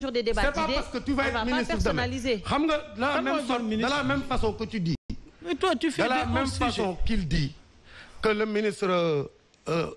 toujours des débats d'idées. tu vas être ministre Xam nga de la même façon, de la même façon que tu dis. Mais toi tu fais de la même façon qu'il dit que le ministre euh, euh,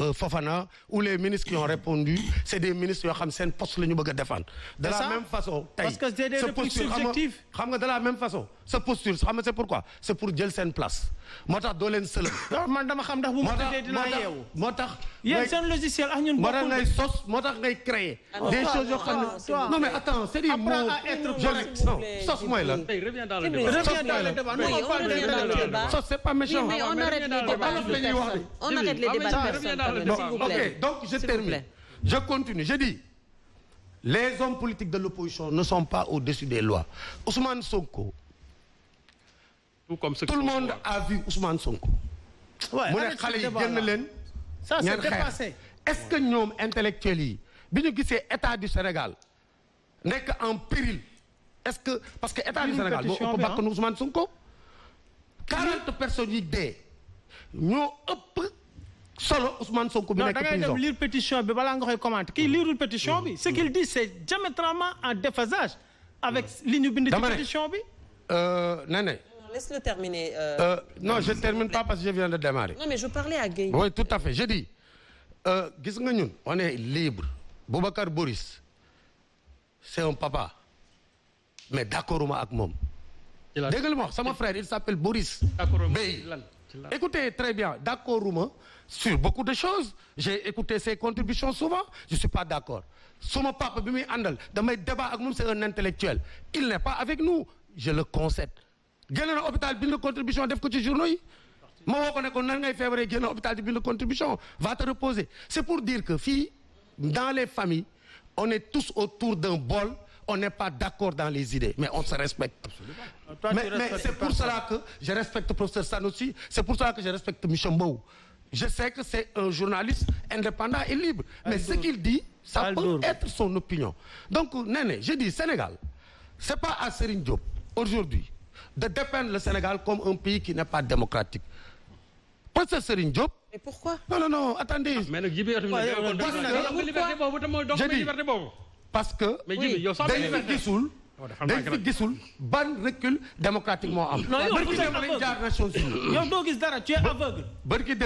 euh, Fofana ou les ministres qui ont répondu c'est des ministres yoo xam seen poste la ñu bëgg a défendre. de la même façon tey parce que c'est des répliques subjectives. xam nga de la même façon. sa posture xam nga c'est pourquoi c'est pour jël seen place moo tax doo leen sëlëm. Ah, man dama xam ndax bu ma tëddee dinaa yeewu moo tax yéen seen logiciel ak ah, ñun bokkul moo tax ngay sos moo tax ngay créer ah, des choses yoo xam ne non mais attends c'est des mots sos mooy lan reviens dans le débat sos c'est pas méchant on arrête les débats ok donc je termine je continue je dis les hommes politiques de l'opposition ne sont pas au-dessus des lois Ousmane Sonko tout comme ce tout le monde a vu Ousmane Sonko. mu ne xale yi génn leen. ça c'est dépassé est-ce que ñoom intellectuels yi bi ñu gisee état du Sénégal nekk en péril est-ce que parce que état du Sénégal moo ëpp bakkanu Ousmane Sonko. 40 personnes yi dee ñoo ëpp. solo Ousmane Sonko bi nekk prison non pétition bi balaa nga koy commenter kii mm-hmm. liirul pétition bi. ce qu'il mm-hmm. dit c'est diamétralement en déphasage. avec li ñu bind ci pétition bi. Euh, laisse-le terminer. Euh, euh, non je ne termine pas parce que je viens de démarrer. non mais je parlais à Guèye. tout à fait je dis euh, gis nga ñun on est libre Boubacar Boris c'est un papa mais d'accorduma ak moom. dégg nga li sama frère il s'appelle Boris. Bey écoutez très bien d'accorduma sur beaucoup de choses j'ai écouté ses contributions souvent je suis pas d'accord suma papa bi muy àndal damay débat ak moom c'est un intellectuel il n'est pas avec nous je le concède. génne na hôpital bind contribution def ko ci journaux yi ma woo ko nan ngay feebaree génn hôpital di bind contribution va te reposer c'est dire que fii dans les familles on est tous autour d'un bol on n'est pas d'accord dans les idées mais on se respecte Toi, mais, mais c'est pour cela que je respecte professeur Sanoussi c'est pour cela que je respecte Michel je sais que c'est un journaliste indépendant et libre mais Aldour. ce qu'il dit ça Aldour. peut être son opinion donc Néné je dis Sénégal c'est pas à Serigne Diop aujourd'hui de dépeindre le Sénégal comme un pays qui n'est pas démocratique professeur Serigne Diop. mais pourquoi. non non non attendez. Ah, mais nag parce que. mais Jibi yow dañu gisul. Oh, dañ fi gisul ban recul démocratique moo am. non yow bërki démb lañ jaar Nations Unies. yow doo gis dara tu es aveugle. bërki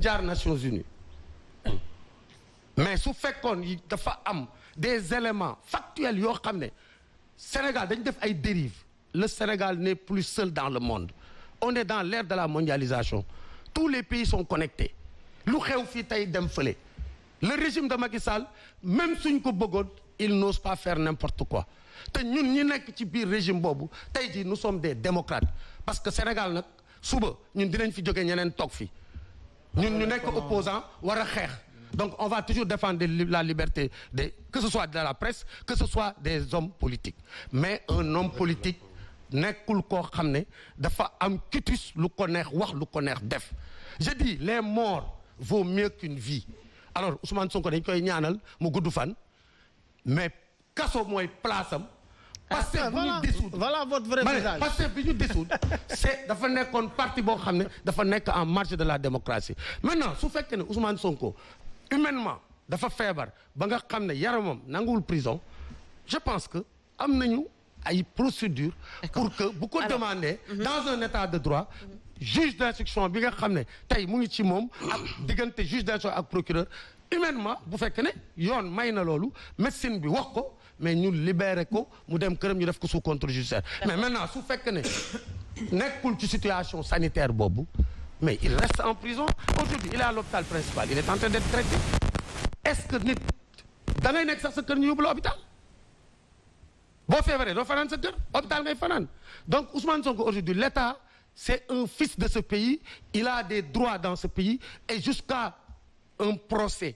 jaar Nations Unies mais su fekkoon dafa am des éléments factuels yoo xam ne Sénégal dañ def ay dérives. le Sénégal n'est plus seul dans le monde on est dans l'ère de la mondialisation tous les pays sont connectés lu xew fii tey dem fële le régime de Macky Sall même suñ ko bëggoon il n'ose pas faire n'importe quoi te ñun ñi nekk ci biir régime boobu tey jii nous sommes des démocrates parce que Sénégal nag suba ñun dinañ fi jóge ñeneen toog fi ñun ñu nekk opposant war a xeex donc on va toujours défendre la liberté des que ce soit de la presse que ce soit des hommes politiques mais un homme politique nekkul koo xam ne dafa am kitus lu ko neex wax lu ko neex def je dis les morts vaut mieux qu'une vie alors Ousmane Sonko dañ koy ñaanal mu gudd fan mais kaso mooy place am. parce que ah, bu ñu dissoudre voilà votre vrai visage parce que bi dafa nekkoon parti boo xam ne dafa nekk en marge de la démocratie maintenant su fekkee ne Ousmane Sonko humainement dafa feebar ba nga xam ne yaramam nanguwul prison je pense que am nañu. ay procédure pour que bu ko demander mm-hmm. dans un état de droit mm-hmm. juge d'instruction bi nga xam ne tey mu ngi ci moom diggante juge d'instruction ak procureur humainement bu fekk ne yoon may na loolu médecine bi wax ko mais ñu libéré ko mu dem këram ñu def ko sous contre judiciaire mais maintenant su fekk ne nekkul ci situation sanitaire boobu mais il reste en prison aujourd'hui il est à l'hôpital principal il est en train traité est-ce que nit da ngay nekk sax sa kër ñu yóbbu la hôpital boo feebaree doo fanaan sa kër hôpital ngay fanaan donc Ousmane Sonko aujourd'hui l'État c'est un fils de ce pays il a des droits dans ce pays et jusqu'à un procès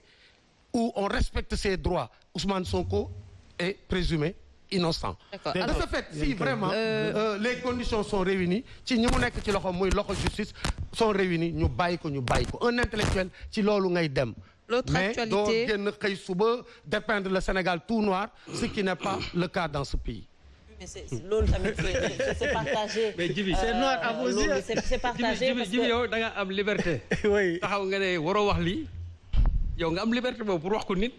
où on respecte ses droits Ousmane Sonko est présumé innocent de ce fait si vraiment euh, euh, les conditions sont réunies ci ñi mu nekk ci loxo muy loxo justice sont réunies ñu bàyyi ko ñu bàyyi ko un intellectuel ci loolu ngay dem L'autre actualité. doo suba dépeindre la Sénégal tout noir ce qui n'est pas le cas dans ce pays. mais c'est loolu tamit nga am liberté. taxaw nga ne waroo wax li yow nga am liberté boobu pour wax ko nit.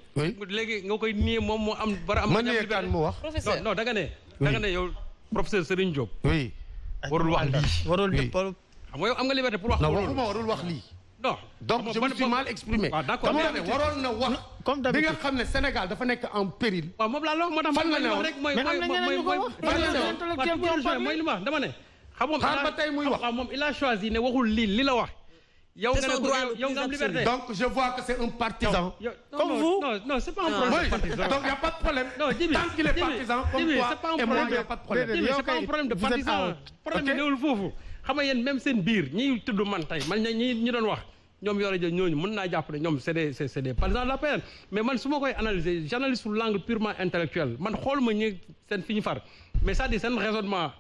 léegi nga koy nii moom moo am. bara am man kan mu wax. professeur non non da nga ne. da ne yow professeur Serigne Diop. warul wax lii. warul xam nga am nga liberté pour wax. non waxuma warul wax lii. non donc je me suis mal exprimé. waaw d'accord waroon na wax. comme d'habitude xam ne Sénégal dafa nekk en péril. waaw moom laa loolu moo tax man li moom il a choisi ne waxul lii li wax. yow nga am liberté donc je vois que c'est un partisan. comme vous non c'est pas un problème. y de partisan problème. de partisan. foofu. xam nga yéen seen biir ñiy tudd man tey man ñi ñu doon wax ñoom yore ñooñu mën naa jàpp ne ñoom c'est des c'est des partisans de l'APR mais man su ma koy analyser j'analyse sous l'angle purement intellectuel man xooluma ñi seen fi ñu far mais c'est-à-dire seen raisonnement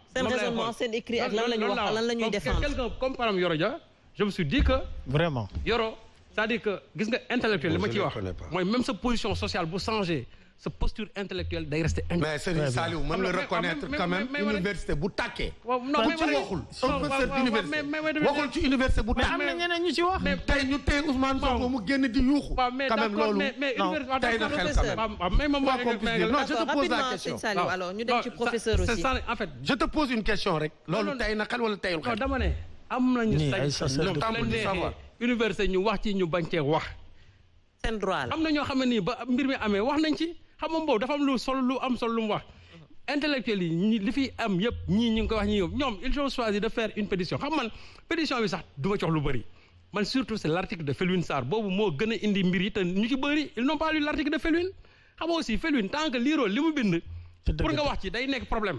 seen écrit ak lan la ñuy wax lan la ñuy défendre quelqu'un comme par exemple je me suis dit que vraiment yoro cest dire que gis nga intellectuel li ma ciy wax mooy même sa position sociale bu changé sa posture intellectuelle day rester. mais Serigne Saliou mën la reconnaître quand même université bu tàkkee. waaw non mais ci waxul. waxul ci université bu tàkkee. mais am na ñeneen ñu ci wax. mais tey ñu tey Ousmane Sonko mu génn di yuuxu. waaw mais d'accord mais mais université tey na xel quand même. waaw mais moom non je te pose la question waaw alors ñu dem ci professeur aussi. en fait je te pose une question rek. loolu tey na xel wala teyul xel. dama ne am nañu. sañ université ñu wax ci ñu bañ cee wax. seen droit la am na ñoo xam ne nii ba mbir mi amee wax nañ ci xam nga boobu dafa am lu sol lu am sol lu mu wax. intellectuels yi li fi am yëpp ñii ñu ngi ko wax ñi ñoom ils ont choisi de faire une pétition xam man pétition bi sax du ma lu bëri man surtout c' est l' article de Felwine Sarr boobu moo gën a indi mbir yi te ñu ci bëri ils n'ont pas lu de Felwine xam aussi Felwine tant que liiroo li mu bind. pour nga wax ci day nekk problème.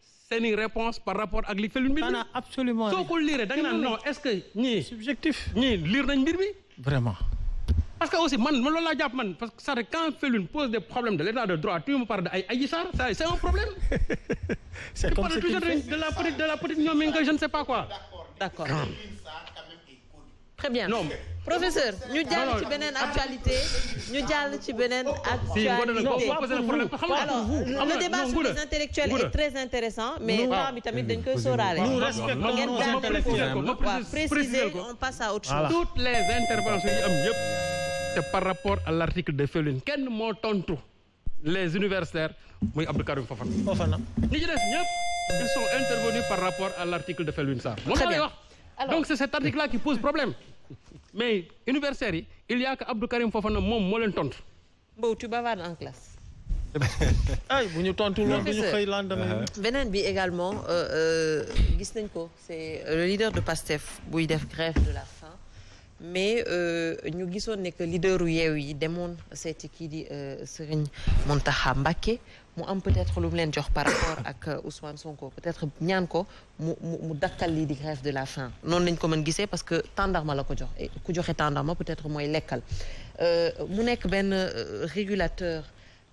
seeni réponse par rapport ak li felu mbir mi. absolument soo ko liiree da nga naan non est-ce que ñii. subjectif ñii liir nañ mbir parce que aussi man man loolu laa jàpp man parce que ça quand Felune pose des problèmes de l'état de droit tu me parles de ay c'est un problème. c'est comme de la petite de je ne sais pas quoi. d'accord. très bien non mais. professeur ñu jàll ci beneen actualité ñu jàll ci beneen actualité alors le débat sur les intellectuels est très intéressant mais temps ah, bi tamit dañ on passe à autre toutes les interventions yi am yëpp c'est par rapport à l'article de Felwine kenn moo tontu les universitaires muy Abdou par rapport à l'article de Felwine Sarr moom alors donc c'est cet article qui pose problème mais universitaires yi il y a que Abdou Karim Fofana moom moo leen tontu. Mbow tu bavardes en classe. ay bu ñu tontu loolu du ñu xëy lendemain. beneen bi également euh, euh, gis nañ ko c'est le leader de PASTEF buy def grève de mais euh, ñu gisoon ne que leaderu yeew yi demoon seeti kii di euh, Serigne Mountakha Mbacké mu am peut-être lu mu leen jox par rapport ak euh, Ousmane Sonko peut-être ñaan ko mu mu mu dakkal lii di grève de la faim noonu lañ ko mën gisee parce que tàndarma la ko jox ku joxe tàndarma peut-être mooy lekkal mu nekk benn régulateur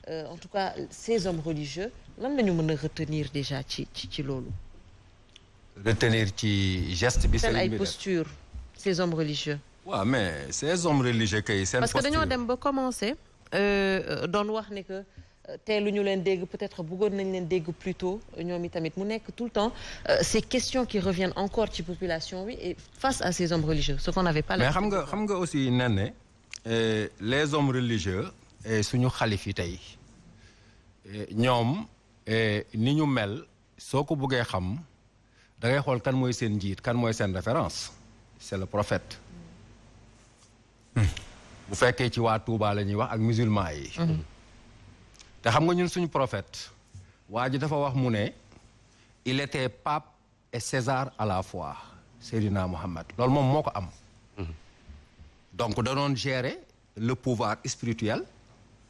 en tout cas ces hommes religieux lan la ñu mën a retenir déjà ci ci ci loolu. retenir ci geste bi. seen ay posture ces hommes religieux. waaw mais ces hommes religieux kay seen parce que dañoo dem ba commencé euh, doon wax ni que euh, lu ñu leen dégg peut-être buggoon nañ leen dégg plus tôt ñoom i tamit mu nekk tout le temps euh, ces questions qui reviennent encore ci population bi et face à ces hommes religieux ce na n'avait pas mais nga xam nga aussi nen ne les hommes religieux suñu xalif yi tey ñoom ni ñu mel soo ko buggee xam da ngay xool kan mooy seen njiit kan mooy seen référence c'est le prophète bu fekkee ci waa tuubaa la ñuy wax ak musulman yi. Mhm. te xam nga ñun suñu prophète. waa ji dafa wax mu ne. il était pape et César à la fois Seydina Mohamed loolu moom moo ko am. Mhm. donc da doon le pouvoir spirituel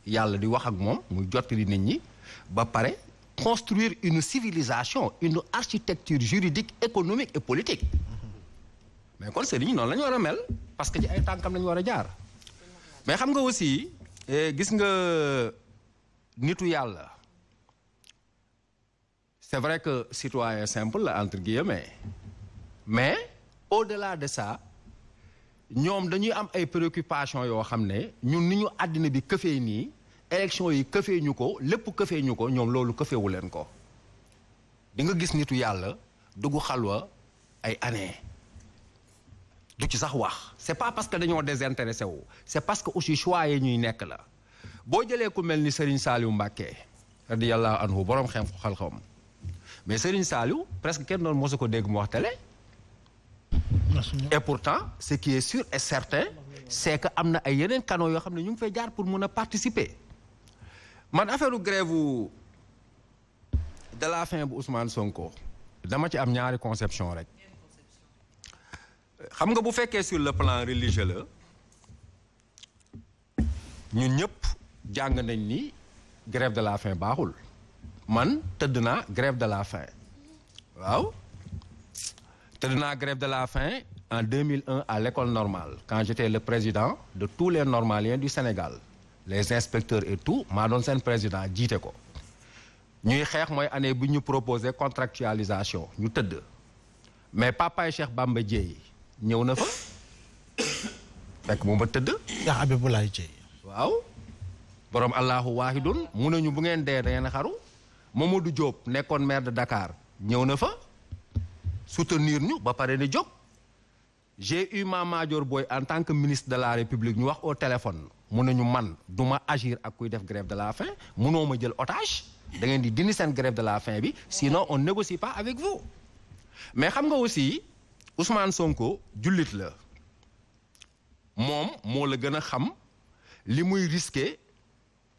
yàlla di wax ak moom muy jottali nit ñi ba pare construire une civilisation une architecture juridique économique et politique. mais kon sëriñ noonu la ñu war a mel parce que ci ay tànkam la war a jaar mais xam nga aussi eh, gis nga nitu yàlla c'est vrai que citoyen simple la entre guillemets mais au-delà de ça ñoom dañuy am ay préoccupations yoo xam ne ñun ni ñu àddina bi këfee nii élection yi këfee ñu ko lépp këfee ñu ko ñoom loolu këfewu leen ko di nga gis nitu yàlla dugg xalwa ay année du ci sax wax c'est pas parce que dañoo désintéressé wu c'est parce que aussi choix yi ñuy nekk la boo jëlee ku mel ni Serigne Saliou Mbacké radiyallahu anhu borom xem ko xalxam mais Serigne Saliou presque kenn doon mosu ko dégg mu wax télé et pourtant ce qui est sûr et certain c'est que am na ay yeneen canaux yoo xam ne ñu ngi fay jaar pour mun a participer man affaire u wu de la fin bu Ousmane Sonko dama ci am ñaari conception rek xam nga bu fekkee sur le plan religieux la ñun ñëpp jàng nañ ni grève de la fin baaxul man tëdd na grève de la faim waaw tëdd naa grève de la faim en 2001 à l'école normale quand j'étais le président de tous les normaliens du Sénégal les inspecteurs et tout maa doon seen président jiite ko ñuy xeex mooy année bi ñu proposé contractualisation ñu tëdd mais papa Cheikh Bamba Dièye ñëw na fa fekk mu ma tëdd. Cheikh Abibulaay Jeey. waaw borom Allahu waahidun mu ne ñu bu ngeen dee da ngeen xaru Mamadou Diop nekkoon maire de Dakar ñëw na fa soutenir ñu ba pare ne jóg. j'ai eu Mame Madior Boye en tant que ministre de la République ñu wax au téléphone mu ne ñu man du ma agir ak kuy def grève de la faim munoo ma jël otage da ngeen di dindi seen grève de la fin bi sinon on négocie pas avec vous mais xam nga aussi. Ousmane Sonko jullit la moom moo la gën a xam li muy risque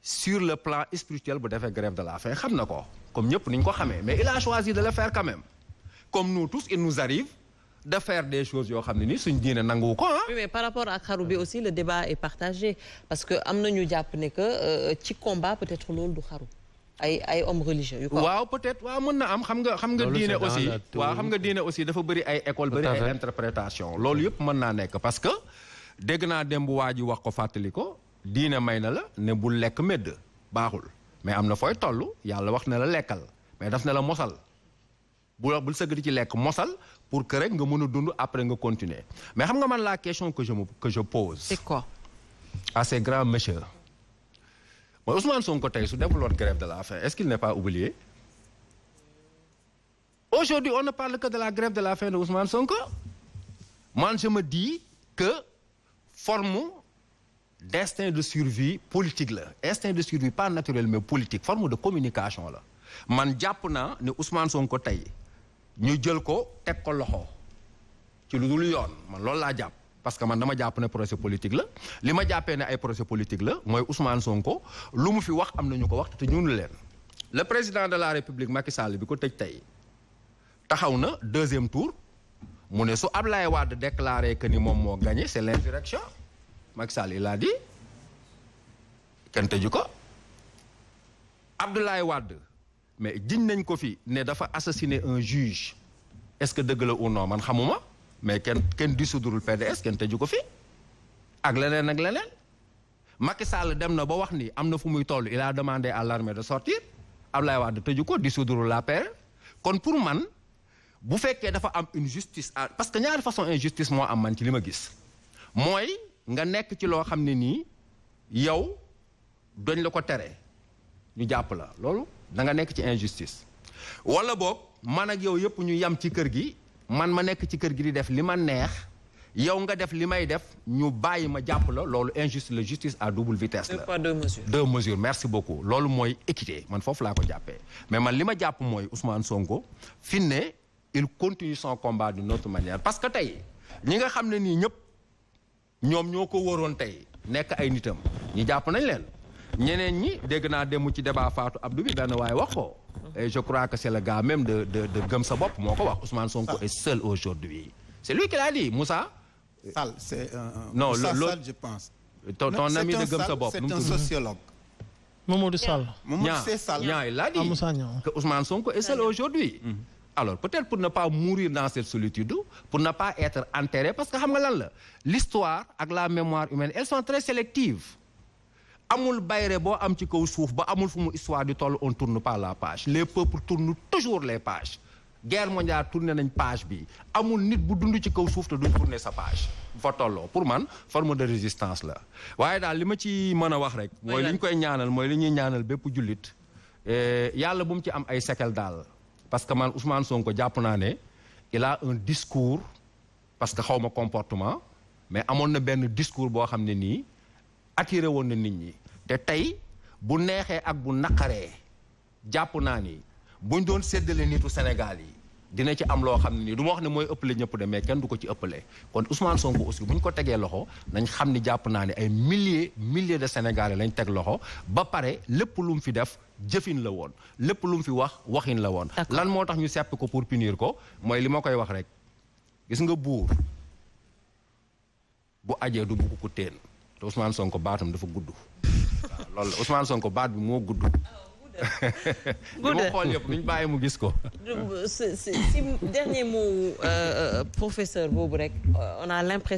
sur le plan spirituel bu defee grève de la faim xam na ko comme ñëpp ni ko xame mais il a choisi de le faire quand même comme nous tous il nous arrive de faire des choses yoo xam ne ni suñ diine nangu ko ah. par rapport ak xaru bi aussi le débat est partagé parce que am na ñu jàpp ne que euh, ci combat peut-être loolu du xaru. ay ay hommes waaw peut-être waaw mën na am xam nga xam nga diine aussi waaw xam nga diine aussi dafa bëri ay école bëri ay interprétation loolu yëpp mën naa nekk parce que dégg naa démb waa ji wax ko fàttali ko diine may na la ne bul lekk medd baaxul mais am na fooy toll yàlla wax ne la lekkal mais daf ne la mosal bu bul sëggati ci lekk mosal pour que rek nga mën a dund après nga continuer mais xam nga man laa question que je me que je pose. c'est quoi à mooy Ousmane Sonko tey su deful woon grève de la faim est-ce qu'il n'est pas oublié aujourd'hui on ne parle que de la grève de la faim de Ousmane Sonko man je me dis que forme d'instinct de survie politique la instinct de survie par naturel mais politique forme de communication la man jàpp naa ne Ousmane Sonko tey ñu jël ko teg ko loxo ci lu dul yoon man loolu laa jàpp parce que man dama jàpp ne projet politique la li ma jàppe ne ay projet politique la mooy Ousmane Sonko lu mu fi wax am na ñu ko wax te ñu ñun leen le président de la république Macky Sall bi ko tëj tey taxaw na deuxième tour mu ne su Ablaye Wade déclaré que ni moom moo gagné c'est l'insurrection Macky Sall il a dit kenn tëju ko Abdoulaye Wade mais jiñ nañ ko fi ne dafa assassiné un juge est-ce que dëgg la ou non man xamuma. mais kenn kenn dissoudrul PDS kenn tëju ko fi ak leneen ak leneen Macky dem na ba wax ni am na fu muy toll il a demandé à l'armée de sortir wax Wade tëju ko la l'APR kon pour man bu fekkee dafa am une justice à parce que ñaari façon injustice moo am man ci li ma gis mooy nga nekk ci loo xam ne nii yow doñ la ko tere ñu jàpp la loolu da nga nekk ci injustice wala boog man ak yow yëpp ñu yam ci kër gi man ma nekk ci kër gi di def li ma neex yow nga def li may def ñu bàyyi ma jàpp la loolu injuste la justice à double vitesse la de mesures merci beaucoup loolu mooy équité man foofu laa ko jàppee mais man li ma jàpp mooy Ousmane Sonko fi ne il continue son combat d'une autre manière parce que tey ñi nga xam ne nii ñëpp ñoom ñoo ko waroon tey nekk ay nitam ñu jàpp nañ leen ñeneen ñi dégg naa dem ci débat Fatou Abdou bi benn waaye wax ko je crois que c'est le gars de de de Gëm sa bopp moo ko wax Ousmane Sonko est seul aujourd'hui c'est lui qui l'a dit Moussa. Sall non je pense. ton ton ami de Gëm sa bopp c'est un sociologue. Mamadou Sall. Mamadou Sall ñaa il l'a dit que Ousmane Sonko est seul aujourd'hui. Mm-hmm. alors peut-être pour ne pas mourir dans cette solitude pour ne pas être enterré parce que xam nga lan la l'histoire ak la mémoire humaine elles sont très sélectives. amul bayre boo am ci kaw suuf ba amul fu mu histoire di toll on tourne pas la page les peuples tournent toujours les pages guerre mondiale tourné nañ page bi amul nit bu dund ci kaw suuf te duñ tourné sa page fa tolloo pour man forme de résistance la waaye daal li ma ci mën a wax rek mooy li ñu koy ñaanal mooy li ñuy ñaanal bépp jullit eh, yàlla bu mu ci am ay séquelles daal parce que man Ousmane Sonko jàpp naa ne il un discours parce que xaw ma comportement mais amoon na benn discours boo xam ne nii attiré woon na nit ñi te tey bu neexee ak bu naqaree jàpp naa ni buñ doon seddalee nitu Sénégal yi dina ci am loo xam ne nii du ma wax ne mooy ëppale ñëpp de mais kenn du ko ci ëpple kon Ousmane Sonko aussi bu ñu ko tegee loxo nañ xam ni jàpp naa ne ay milliers milliers de Sénégalais lañ teg loxo ba pare lépp lu mu fi def jëfin la woon lépp lum fi wax waxin la woon. lan moo tax ñu seppi ko pour punir ko mooy li ma koy wax rek gis nga buur bu ajee du bugg ko teen. te Ousmane Sonko baatam dafa gudd. waaw loolu Ousmane Sonko baat bi moo gudd. gudd li mu xool yëpp duñ bàyyi mu gis ko. si dernier mot euh, euh, professeur boobu rek euh, on a l'impression